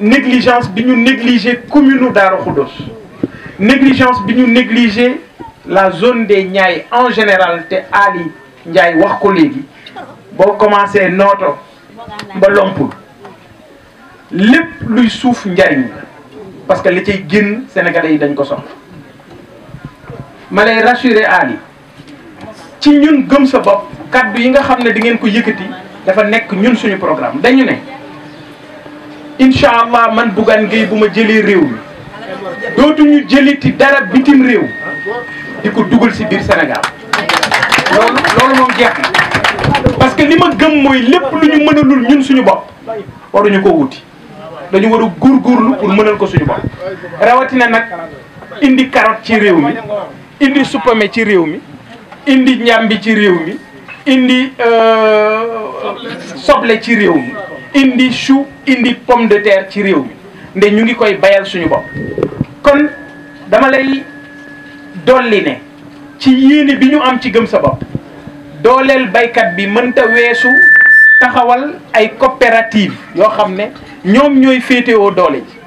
négligence bi ñu négliger commune Darou Khoudoss négligence bi ñu négliger la zone des Niayes en général té Ali Ndiaye wax ko légui bo commencé noto ba lompul lepp luy souf njariñ parce que li cay guen sénégalais yi dañ ko soxla malay rassurer Ali ci ñun gëm sa bop kaddu yi nga xamné di ngeen ko yëkëti dafa nekk ñun suñu programme dañu ne incha allah man Bougane Gueye bu ma jëlee réew ñu jeli ti dara bitim rew diko duggal ci si senegal lolu lolu mom moom jeex parce que lima gem moy lepp lépp lu ñu mënalul ñun suñu bopp waruñu ko wuti dañu war gor góorgóorlu pour mënal ko suñu bopp na nak indi carotte ci rew mi indi supermé ci rew mi indi ñambi ci rew mi indi euh, soble ci rew mi indi chou indi pomme de terre ci réew mi nde ñu ngi koy bayal suñu bopp kon dama lay dolli ne ci yéene bi ñu am ci gëm sa bopp dooleel baykat bi mënta weesu taxawal ay coopérative yoo xam ne ñoom ñooy féetewoo doole ji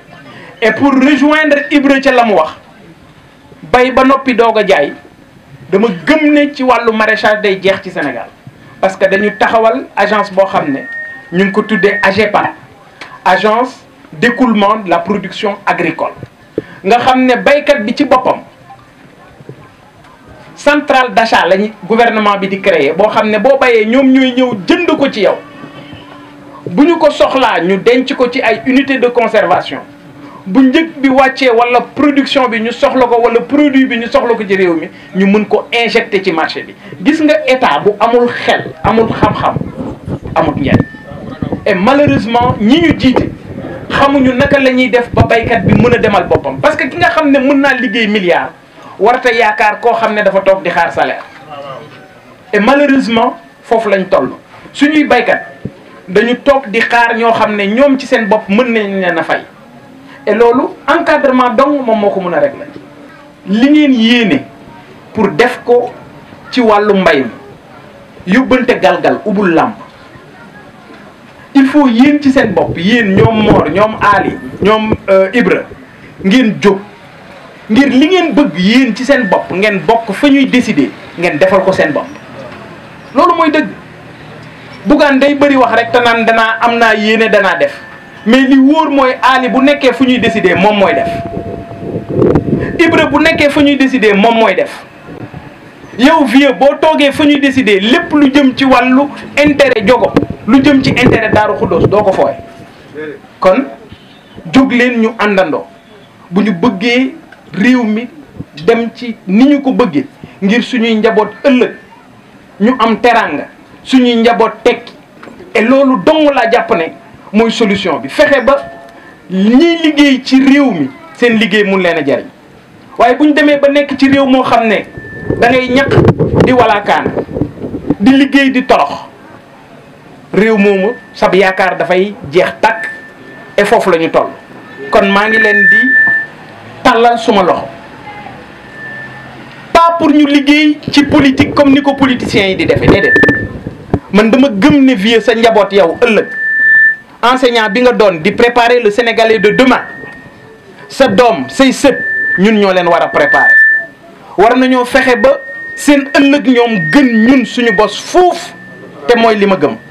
et pour rejoindre ibre ca la mu wax bay ba noppi doog a jaay dama gëm ne ci wàllu maraîchage day jeex ci Sénégal parce que dañu taxawal agence boo xam ne ñu ngi ko tuddee AGEPA agence d'écoulement de la production agricole nga xam ne baykat bi ci boppam centrale d'achat lañu gouvernement bi di créer boo xam ne boo bayee ñoom ñooy ñëw jënd ko ci yow bu ñu ko soxlaa ñu denc ko ci ay unité de conservation bu njëg bi wàccee wala production bi ñu soxla ko wala produit bi ñu soxla ko ci réew mi ñu mën ko injecté ci marché bi gis nga état bu amul xel amul xam-xam amul njariñ et malheureusement ñi ñu jiite xamuñu naka lañuy def ba baykat bi mëna démal demal parce que ki nga xamné mëna liggéey milliard warta yaakar ko xamné dafa tok di xaar salaire et malheureusement fofu lañ toll suñuy baykat dañu tok di xaar ño xamné ñom ci seen bop mën nañ leen a fay et lolu encadrement dong mom moko mëna régler li ngeen yéene pour def ko ci walu mbay yu bënte galgal ubul làmp il faut yéen ci seen bopp yéen ñoom Mor ñoom Ali ñoom euh, Ibra ngeen jóg ngir li ngeen bëgg yéen ci seen bopp ngeen bokk fa ñuy décider ngeen defal ko seen bopp loolu mooy dëgg Bougane day bëri wax rek te danaa am naa yéene danaa def mais li wóor mooy Ali bu nekkee fu ñuy décider moom mooy def Ibra bu nekkee fu ñuy décider moom mooy def yow vieux boo toogee fu ñuy décider lépp lu jëm ci wàllu intérêt jogo lu jëm ci intérêt Daaru Xuddoos doo ko fooy kon jóg leen ñu àndandoo bu ñu bëggee réew mi dem ci ni ñu ko bëggee ngir suñuy njaboot ëllëg ñu am teraanga suñuy njaboot tekki et loolu dong laa jàpp ne mooy solution bi fexe ba ñiy liggéey ci réew mi seen liggéey mun leen a jariñ waaye bu ñu demee ba nekk ci réew moo xam ne da ngay ñaq di walaakaan di liggéey di torox réew moomu sab yaakaar dafay jeex takk e foofu la ñu toll kon maa ngi leen di tàllal suma loxo pas pour ñu liggéey ci politique comme ni ko politiciens yi di defee déedéet man dama gëm ne vieux sa njaboot yow ëllëg enseignant bi nga doon di préparer le sénégalais de demain sa doom say sët ñun ñoo leen war a préparer war nañoo fexe ba seen ëllëg ñoom gën ñun suñu bos fuuf te mooy li ma gëm